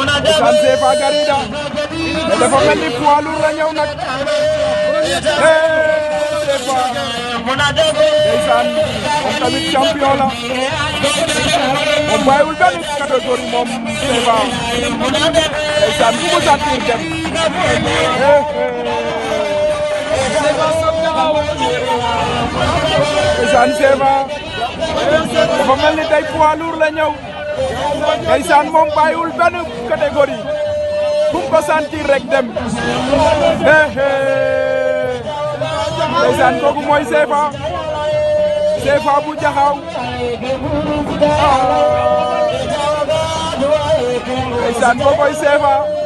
Ousane Sefa Garida te dafa mel ni poids lourd la ñëw nag Sefa ndeysaan moom tamit champion la moom bàyyiwul benn catégorie moom Sefa ndeysaan ku mu sentir dem ndeysaan Sefa dafa mel ni tey poids lourd la ñëw ndeysaan moom bàyyiwul benn catégorie bu mu ko rek dem éé ndeysaan kooku mooy CFA CFA bu jaxaaw ah. ndeysaan kookoy CFA